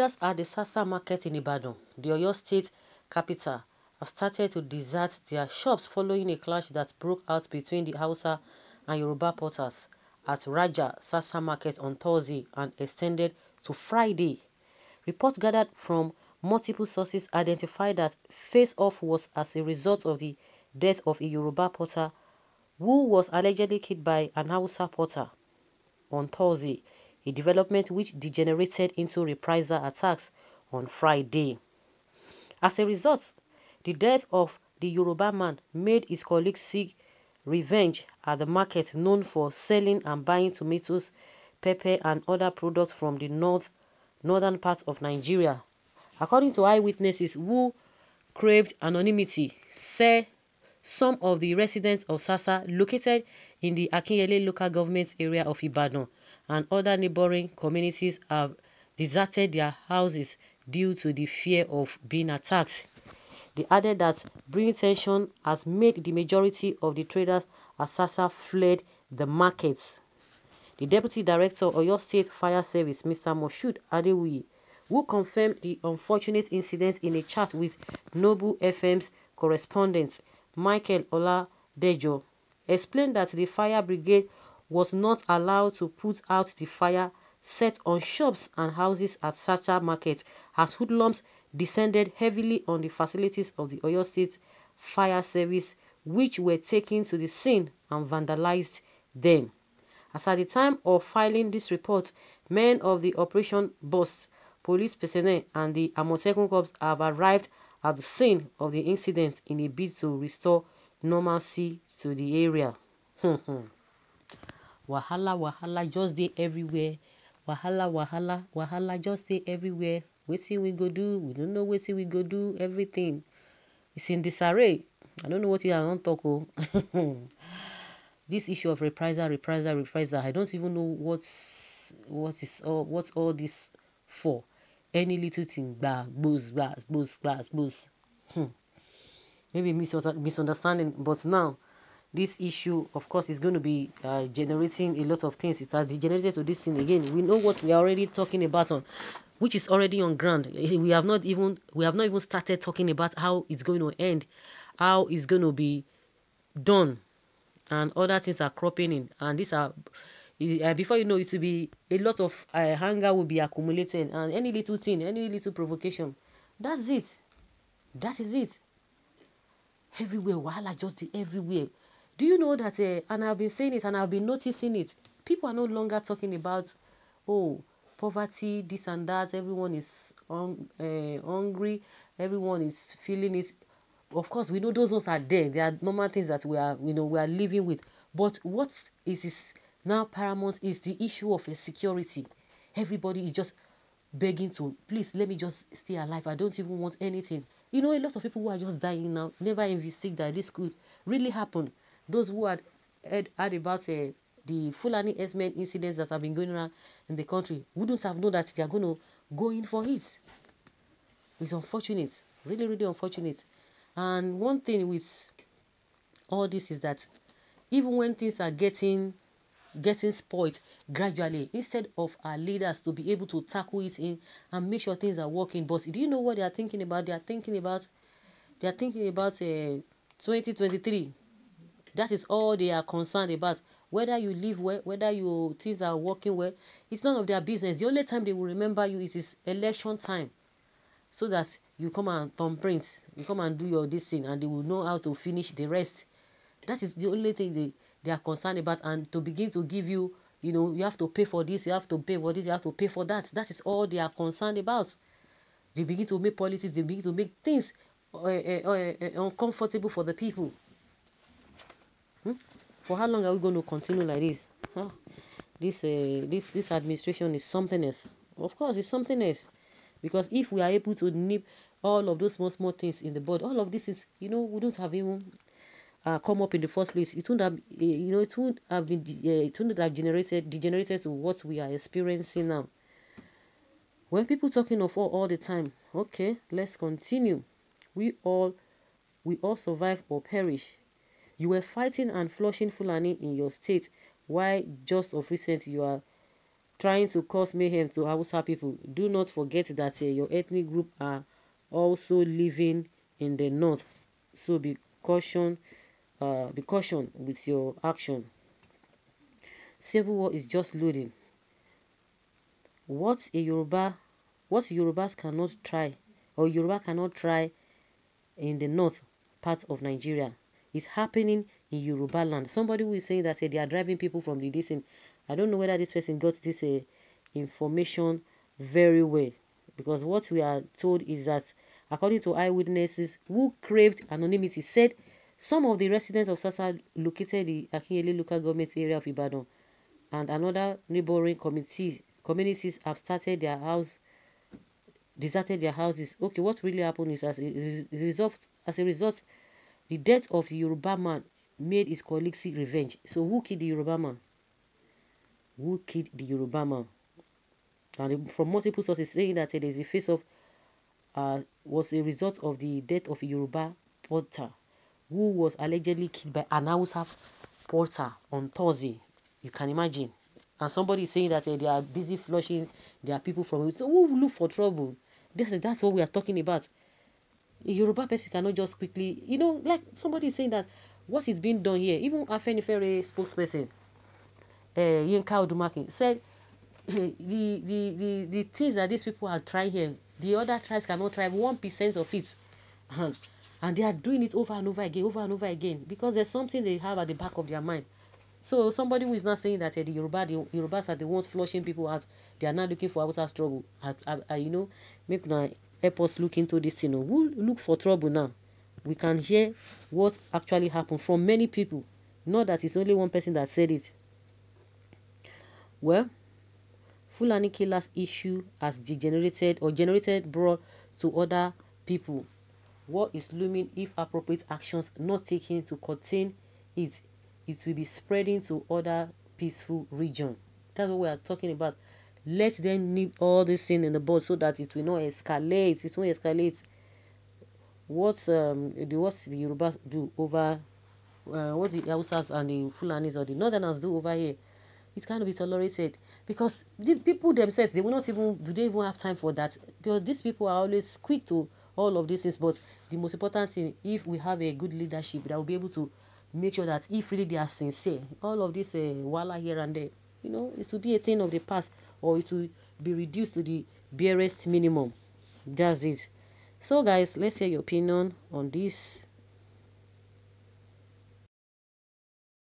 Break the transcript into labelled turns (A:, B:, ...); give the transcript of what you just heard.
A: Traders at the Sasa market in Ibadan, the Oyo state capital, have started to desert their shops following a clash that broke out between the Hausa and Yoruba porters at Raja Sasa market on Thursday and extended to Friday. Reports gathered from multiple sources identified that face-off was as a result of the death of a Yoruba porter who was allegedly killed by an Hausa porter on Thursday a development which degenerated into reprisal attacks on Friday. As a result, the death of the Yoruba man made his colleagues seek revenge at the market known for selling and buying tomatoes, pepper, and other products from the north northern part of Nigeria. According to eyewitnesses who craved anonymity, say some of the residents of Sasa located in the Akinyele local government area of Ibadan and other neighboring communities have deserted their houses due to the fear of being attacked. They added that brewing tension has made the majority of the traders as fled the markets. The deputy director of your state fire service, Mr. Moshud Adewi, who confirmed the unfortunate incident in a chat with Nobu FM's correspondent Michael Ola Dejo, explained that the fire brigade was not allowed to put out the fire set on shops and houses at Sacha Market as hoodlums descended heavily on the facilities of the Oyo State Fire Service, which were taken to the scene and vandalized them. As at the time of filing this report, men of the Operation Bust, police personnel, and the Amotekun Corps have arrived at the scene of the incident in a bid to restore normalcy to the area. Hmm, hmm wahala wahala just dey everywhere wahala wahala wahala just dey everywhere wetin we go do we no know wetin we go do everything is in disarray i no know what i wan talk o this issue of reprisal reprisal reprisal i don't even know what's what is all what's all this for any little thing gba gbos gba gbos gba hmm. maybe misunderstanding but now this issue of course is going to be uh, generating a lot of things it has degenerated to this thing again we know what we are already talking about on which is already on ground we have not even we have not even started talking about how it's going to end how it's going to be done and other things are cropping in and these are uh, before you know it will be a lot of uh, eh, hunger will be accumulating and any little thing any little provocation that's it that is it everywhere wahala just everywhere do you know that, uh, and I've been saying it and I've been noticing it, people are no longer talking about, oh, poverty, this and that, everyone is uh, hungry, everyone is feeling it. Of course, we know those ones are there. They are normal things that we are, you know, we are living with. But what is, now paramount is the issue of insecurity. Everybody is just begging to, please let me just stay alive. I don't even want anything. You know, a lot of people who are just dying now never envisaged that this could really happen. Those who had heard, heard about uh, the Fulani S-men incidents that have been going on in the country wouldn't have known that they are going to go in for it. It's unfortunate, really, really unfortunate. And one thing with all this is that even when things are getting getting spoiled gradually, instead of our leaders to be able to tackle it in and make sure things are working, but do you know what they are thinking about? They are thinking about they are thinking about uh, eh, 2023 that is all they are concerned about. Whether you live well, whether your things are working well, it's none of their business. The only time they will remember you is, this election time. So that you come and thumbprint, you come and do your this thing, and they will know how to finish the rest. That is the only thing they, they are concerned about, and to begin to give you, you know, you have to pay for this, you have to pay for this, you have to pay for that. That is all they are concerned about. They begin to make policies, they begin to make things uh, uh, uh, uh uncomfortable for the people. Hmm? For how long are we going to continue like this? Huh? This uh, this this administration is something else. Of course, it's something else. Because if we are able to nip all of those small small things in the bud, all of this is you know we don't have even uh, come up in the first place. It wouldn't have eh, you know it wouldn't have been de- eh, it wouldn't have generated degenerated to what we are experiencing now. When people talking of all all the time, okay, let's continue. We all we all survive or perish you were fighting and flushing Fulani in your state. Why just of recent you are trying to cause mayhem to Hausa people? Do not forget that uh, your ethnic group are also living in the north. So be caution, uh, be caution with your action. Civil war is just loading. What a Yoruba, what Yorubas cannot try, or Yoruba cannot try in the north part of Nigeria is happening in Yoruba land. Somebody who is saying that they are driving people from the distance. I don't know whether this person got this uh, information very well because what we are told is that according to eyewitnesses who craved anonymity said some of the residents of Sasa located the Akinyele local government area of Ibadan and another neighboring community, communities have started their house deserted their houses. Okay, what really happened is as a result, as a result the death of the Yoruba man made his colleagues seek revenge. So who killed the Yoruba man? Who killed the Yoruba man? And from multiple sources saying that it is the face of uh, was a result of the death of a Yoruba porter who was allegedly killed by an Hausa porter on Thursday. You can imagine. And somebody is saying that uh, they are busy flushing their people from it. So who look for trouble? This, that's what we are talking about. Yoruba person cannot just quickly, you know, like somebody is saying that what is being done here, even Afenifere spokesperson, uh, Yinka Odumaki, said the, the, the, the things that these people are trying here, the other tribes cannot try 1% of it. Uh-huh. and they are doing it over and over again, over and over again, because there's something they have at the back of their mind. So somebody who is not saying that uh, the Yoruba, the Yorubas are the ones flushing people out, they are not looking for outside struggle. you know, make now help us look into this thing. You know. We'll look for trouble now. We can hear what actually happened from many people. Not that it's only one person that said it. Well, Fulani killers issue has degenerated or generated brought to other people. What is looming if appropriate actions not taken to contain it? It will be spreading to other peaceful region. That's what we are talking about let them nip all this thing in the bud so that it will not escalate it won't escalate what um the what the Yoruba do over uh, what the Hausas and the Fulanis or the Northerners do over here it cannot be tolerated because the people themselves they will not even do they even have time for that because these people are always quick to all of these things but the most important thing if we have a good leadership that will be able to make sure that if really they are sincere all of this uh, wala here and there you know, it will be a thing of the past or it will be reduced to the barest minimum. That's it. So, guys, let's hear your opinion on this.